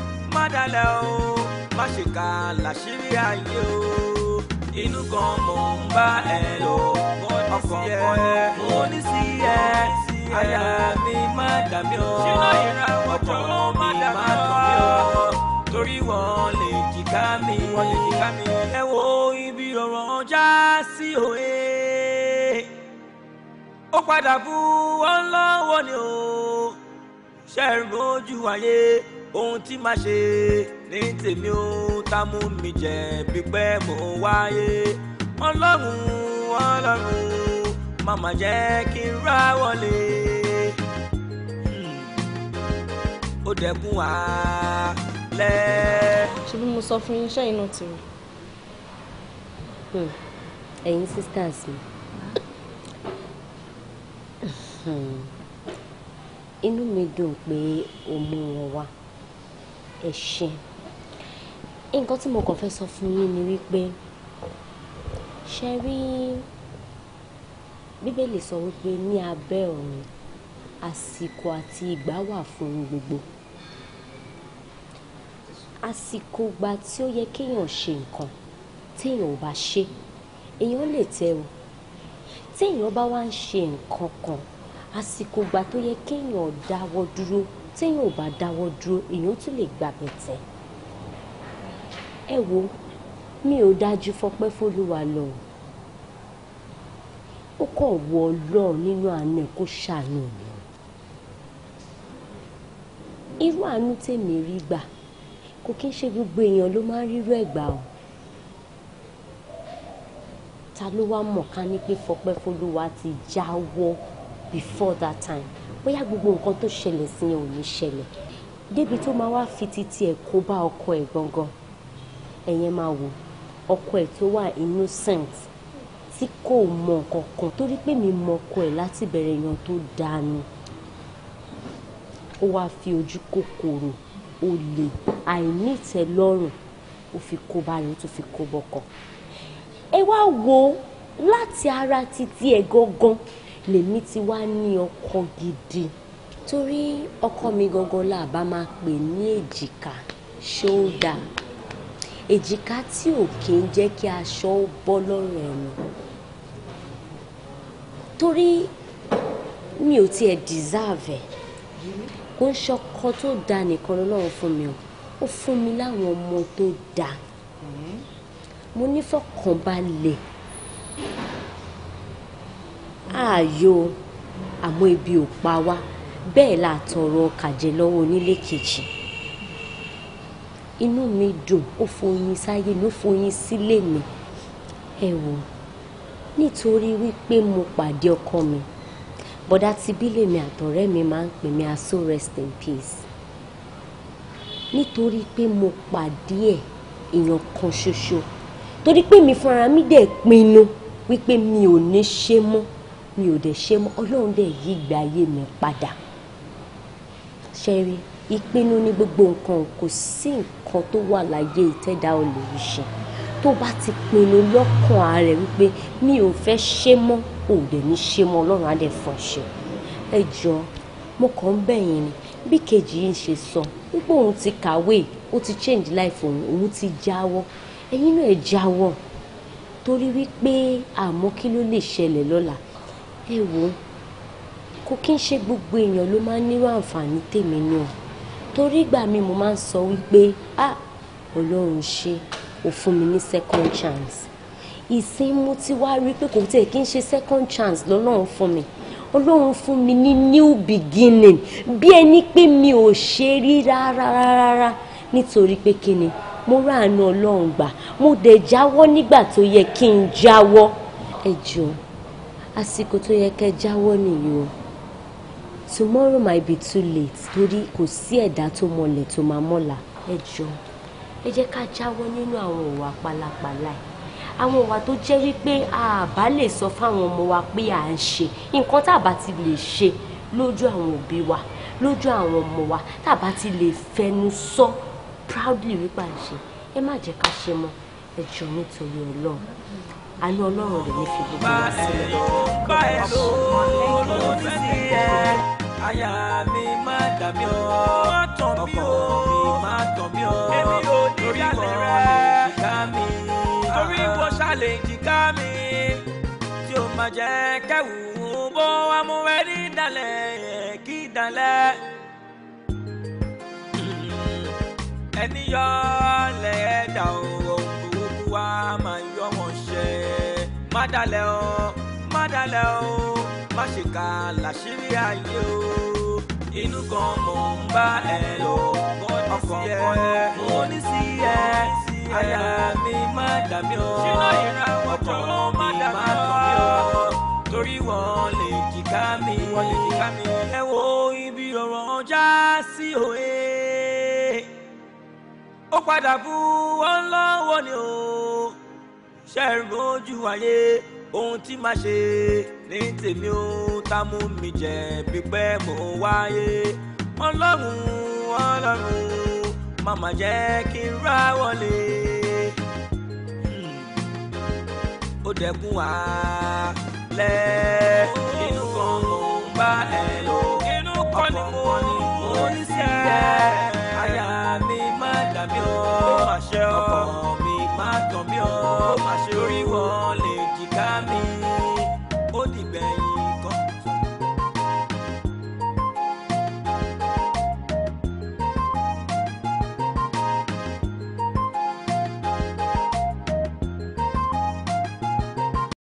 dalẹ̀ o má ṣe kà láṣírí ayé o inú kan mò ń bá ẹ lò ọkàn kan ẹ mo ní sí ẹ àyà mi má dà mí o ọkàn mi má dùn mí o torí wọn lè jìká mi ẹ wo ibi ọ̀rọ̀ já sí òye ó padà bú wọn lọ́wọ́ ni o ṣe é rojú ayé ohun tí màá ṣe ní tèmi ó tá mú mi jẹ bí pé mo wáyé ọlọ́run ọlọ́run màmá jẹ́ kí n rá wọlé hmm. ó dẹkùn wá lẹ́. ṣé bí mo sọ fún yín ṣẹ́yìn náà ti rí. Hmm. ẹ̀yin sisters mi hmm. inú mi dùn pé o mú wọn wá ẹ ṣe nǹkan tí mo kàn fẹ́ sọ fún yín ni wípé ṣe rí bíbélì sọ wípé ní abẹ́ ọ̀run àsìkò àti ìgbà wà fún gbogbo àsìkò gba tí ó yẹ kéèyàn ṣe nǹkan téèyàn ò bá ṣe èèyàn lè tẹ́ o téèyàn bá wá ń ṣe nǹkan kan àsìkò gba tó yẹ kéèyàn dáwọ́ dúró téèyàn ò bá dáwọ́ dúró èèyàn tún lè gbàgbẹ́ tẹ̀. ẹ wo mi ò dájú fọpẹ́ fólúwa lọ ó kàn wọ ọlọ́run nínú àánú ẹ̀ kó ṣàánú mi irú àánú tèmi rí gbà kò kí n ṣe gbogbo èèyàn ló máa ń rírú ẹ̀gbà o ta ló wá mọ̀ká ní pé fọpẹ́ fólúwa ti jáwọ́ before that time bóyá gbogbo nǹkan tó ṣẹlẹ̀ sí yẹn ò ní ṣẹlẹ̀ débi tó máa wá fi títí ẹ̀ kó bá ọkọ ẹ̀ gangan ẹ̀yẹn máa wò ọkọ ẹ̀ tó wà innocent tí kò mọ nǹkan kan torí pé mi mọ ọkọ ẹ̀ láti bẹ̀rẹ̀ èèyàn tó dáa ni ó wáá fi ojú kòkòrò olè àìní ìtẹ́lọ́rùn ó fi kó báyìí ó tún fi kó bọ́kọ ẹ wá wo láti ara títí ẹ̀ gangan lèmi ti wá ní ọkọ gidi torí ọkọ mi gangan là bá máa pè ní èjìká ṣóódà èjìká tí ò kí ń jẹ́ kí aṣọ ó bọ́ lọ́rùn ẹ̀nu torí mi ò tiẹ̀ deserve kò ń ṣọkọ tó da nìkan lọ́wọ́ fún mi ó fún mi láwọn ọmọ tó da mm-hmm. mo nífọ̀kànbalẹ̀ ààyò àmọ́ ibi ò pa wá bẹ́ẹ̀ la tọrọ kàjẹ lọ́wọ́ onílé kejì inú mi dùn ó foyín sáyé mi ó foyín sílé mi ẹ wò nítorí wípé mo pàdé ọkọ mi bọ́dá ti bílẹ̀ mi àtọ̀rẹ́ mi máa ń pè mí aso rest in peace nítorí pé mo pàdé ẹ̀ èèyàn kan ṣoṣo torí pé mi fúnra mi dẹ̀ pinnu wípé mi ò ní ṣe mọ́ mi ò dẹ̀ ṣe mọ́ ọlọ́run dẹ̀ yí ìgbé ayé mi padà ṣẹ́rí ìpinnu ní gbogbo nǹkan kò sí nǹkan tó wà láyé ìtẹ́dá ò lè ṣe tó bá ti pinnu lọ́kàn ààrẹ wípé mi ò fẹ́ ṣe mọ́ ò dẹ̀ ní ṣe mọ́ ọlọ́run á dẹ̀ fọ́n ṣe ẹ jọ mo kàn ń bẹ̀yìn ni bí kejì yìí ń ṣe sọ wípé òun ti kàwé ó ti change life òun òun ti jáwọ́ ẹ̀yin náà ẹ̀ jáwọ́ torí wípé àmọ́ kí ló lè ṣẹlẹ̀ lọ́la ẹ wò kò kí n ṣe gbogbo èèyàn ló máa ń nírú àǹfààní tèmi náà torí ìgbà mi mo máa ń sọ wípé ah ọlọ́run ṣe ò fún mi ní second chance ìsìn mo ti wá rí pé kò tẹ̀ kí n ṣe second chance lọ́lọ́run fún mi ọlọ́run fún mi ní new beginning bí ẹni pé mi ò ṣe rí rárá rárá nítorí pé kí ni mo ráàánú ọlọ́run gbà mo dẹ̀ jáwọ́ nígbà tó yẹ kí n jáwọ́ ẹ jọ̀ọ́ àsìkò tó yẹ kẹ́ jáwọ́ nìyí o tomorrow might be too late torí kò sí ẹ̀dá tó mọlẹ̀ tó máa mọ̀la ẹ jọ ẹ jẹ́ ká jáwọ́ nínú àwọn ìwà pálapàla ẹ̀ àwọn ìwà tó jẹ́ wípé àbá lè sọ fáwọn ọmọ wa pé à ń ṣe nǹkan tá ti lè ṣe lójú àwọn òbí wa lójú àwọn ọmọ wa tá ti lè fẹnu sọ proudly wípé à ń ṣe ẹ má jẹ́ ká ṣe mọ́ ẹ jọ nítorí Ọlọ́run àánú ọlọ́run rẹ̀ ní fi gbogbo wa sílẹ̀. mi má dà mí ọ ọkọ mi má tọ̀ mí ọ lórí ìwọ ìjìká mi torí ìwọ ṣàlẹ̀ ìjìká mi tí o máa jẹ́ kẹ́wù bó amúwẹ́ ní ìdálẹ̀ kí ìdálẹ̀. ẹni yọ ọ́ lẹ́ẹ̀dá ohun burúkú wa máa yọ má dalẹ̀ o má dalẹ̀ o má ṣe ká láṣírí ayé o inú kan mò ń bá ẹ lò ọkàn kan ẹ mo ní sí ẹ àyà mi má dà mí o ọkàn mi má dà mí o torí wọn lè jìká mi ẹ wo ibi ọ̀rọ̀ já sí òye ó padà bú wọn lọ́wọ́ ni o ṣe rojú ayé ohun tí màá ṣe ní tèmi ó tá mú mi jẹ bí pé mo wáyé ọlọ́run ọlọ́run màmá jẹ́ kí n rá wọlé hmm. ó dẹkùn wá lẹ́ inú kan mò ń bá ẹ lò inú kan ni mo ní sí ẹ àyà mi má dàbí ọ ọkọ̀ o màṣẹ orí wọn lè jìká mi.